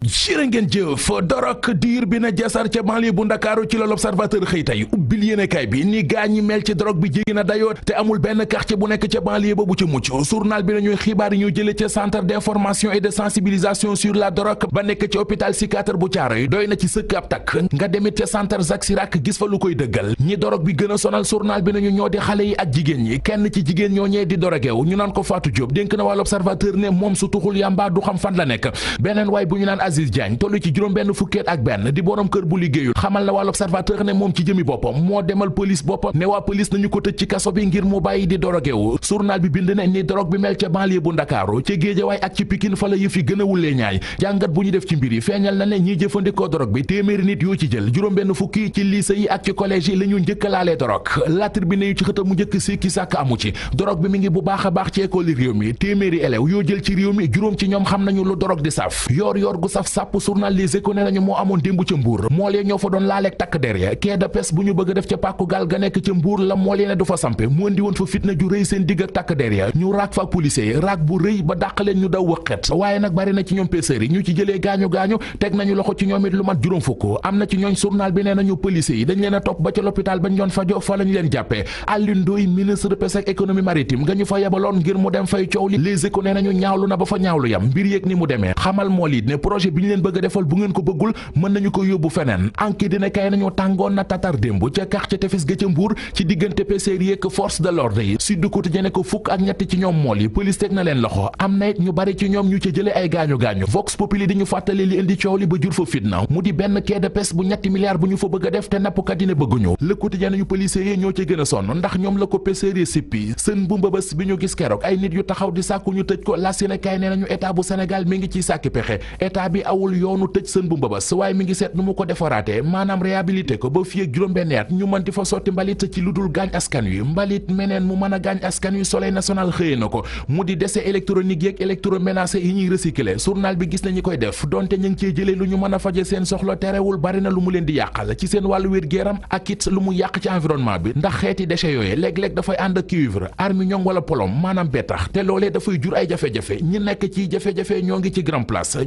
jërë ngeen jëf dorog diir bi na jasar ca banlieue bu ndakaaru ci la l'observateur xëy ubbil yéenekaay bi ni gaa mel ci drogue bi jéggi na dayoo te amul benn quartier bu nekk ca banlieue ba bu ci mucc journal bi nañuy xibaar yi ñu jële ca centre d'information et de sensibilisation sur la drogue ba nekk ci hôpital psychiatre bu Thiaroye doy na ci sëkk ab takk nga demit ca centre Jacques Chirac gis fa lu koy dëggal ñi dorog bi gën sonal journal bi kenn ci jigéen ñoo ñee di dorogew ñu naan ko Fatou Diop dénk na la nekk beneen ñu naan Aziz Diagne toll ci juróom benn fukkeet ak benn di borom kër bu liggéeyul xamal na waa l'Observateur ne moom ci jëmi boppam moo demal police boppam ne waa police nañu ko tëj ci kaso bi ngir mu bàyyi di dorogewu journal bi bind ne ni dorog bi mel ca banlieue bu Ndakaaru ca Géejawaay ak ci Pikine fa la yëf yi gën a ñaay jàngat bu ñu def ci mbir yi feeñal na ne ñiy jëfandikoo dorog bi téeméeri nit yoo ci jël juróom benn fukki ci lycée yi ak ci collège yi la ñu njëkkalaalee dorog La Tribune ci xëtam mu njëkk sikki sàkk a baax ci école yi réew mi téeméeri élève yoo jël ci mi juróom ci ñoom xam nañu lu dorog di saf sàpp journal Les Échos ne nañu moo amoon démb ca mbuur mool ya ñoo fa doon laaleeg takk der ya quai de bu ñu bëgg a def ca pàkku gaal ga nekk ca mbuur la mool ya ne du fa sampe mu andi woon fa fitna ju rëy seen digg ak takk der ya ñu raak fa policier yi raak bu rëy ba dàq leen ñu daw wëqet waaye nag bari ci ñoom pêcheurs ñu ci jëlee gaañu-gaañu teg nañu loxo ci ñoom it lu mat juróom fukk am na ci ñooñ journal bi ne nañu ñaawlu yi liberté bi ñu leen bëgg a defal bu ngeen ko bëggul mën nañu ko yóbbu feneen enquête dina kay nañu tàngoon na tatar démb ca quartier tefes ga ca Mbour ci diggante PCR yeeg force de l'ordre yi Sud Quotidien ne ko fukk ak ñetti ci ñoom mool yi police na leen loxo am na it ñu bari ci ñoom ñu ca jële ay gaañu gaañu Vox Populi di ñu fàttali li indi coow li ba jur fa fitna mu di benn quai de bu ñetti milliards bu ñu fa bëgg a def te nappkat yi ne bëgguñu Le Quotidien nañu policiers yi ñoo ca gën a di sàkku ñu tëj ko las bu Sénégal mi bi awul yoonu tëj sën bu mbëbës waaye mi ngi seet nu mu ko defaraate maanaam réhabilité ko ba fii ak juróom-benn at ñu mën di fa sotti mbalit ci lu dul gaañ askan wi mbalit meneen mu mën a gaañ askan wi soleil national xëyee na ko mu di déchets électroniques yeeg électroménager yi ñuy recycler journal bi gis nañu koy def donte ñu ngi cee jëlee lu ñu mën a faje seen soxla terewul bari na lu mu leen di yàqal ci seen wàllu wér géeram ak lu mu yàq ci environnement bi ndax xeeti déchets yooyu léeg-léeg dafay ànd ak cuivre armignon wala polom maanaam bettax te loolee dafay jur ay jafe-jafe ñi nekk ci jafe-jafe ñoo ngi ci grand place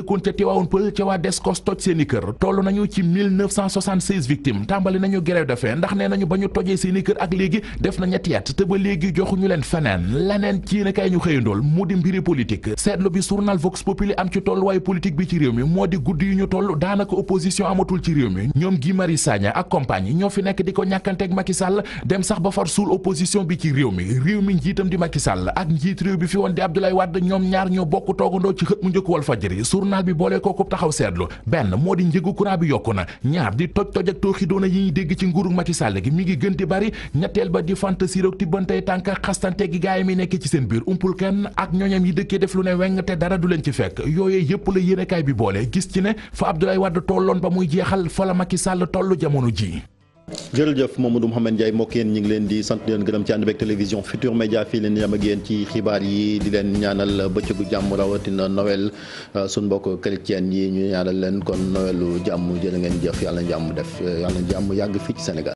dëkkoon ca Tivaouane Peulh ca waa Descos toj seen i kër toll nañu ci 1976 victimes tàmbali nañu grève de faim ndax nee nañu ba ñu tojee seen i kër ak léegi def na ñetti at te ba léegi ñu leen feneen leneen ci ne kay ñu xëyandool mu di mbiri politique seetlu bi journal Vox Populi am ci tolluwaayu politique bi ci réew mi moo di guddi yu ñu toll daanaka opposition amatul ci réew mi ñoom Guy Marius Sagna ak compagne ñoo fi nekk di ko ñàkkanteeg Macky Sall dem sax ba far suul opposition bi ci réew mi réew mi njiitam di Macky Sall ak njiit réew bi fi woon di Abdoulaye Wade ñoom ñaar ñoo bokk toogandoo ci xët mu njëkk Walfadjri journal bi boolee kooku taxaw seetlu benn moo di njëgu courant bi yokku na ñaar di toj toj ak tooxi doona yi ñuy dégg ci nguuru Macky Sall gi mi ngi gën di bari ñetteel ba di fantasi roog ti bantay tànk xastante gi gaay mi nekk ci seen biir umpul kenn ak ñooñam yi dëkkee def lu ne weng te dara du leen ci fekk yooyee yëpp la yéenekaay bi boole gis ci ne fa Abdoulaye Wade tolloon ba muy jeexal fa la Macky tollu jamono jii jërëjëf Mamadou Mouhamed Ndiaye mbokk yéen ñu ngi leen di sant leen gërëm ci ànd beeg télévision Futur Média fii leen yam ak yéen ci xibaar yi di leen ñaanal bëccëgu jàmm rawatina Noël euh, suñ mbokk chrétien yi ñu ñaanal leen kon Noëlu jàmm jërë ngeen jëf yàlla jàmm def euh, yàlla jàmm yàgg fii ci Sénégal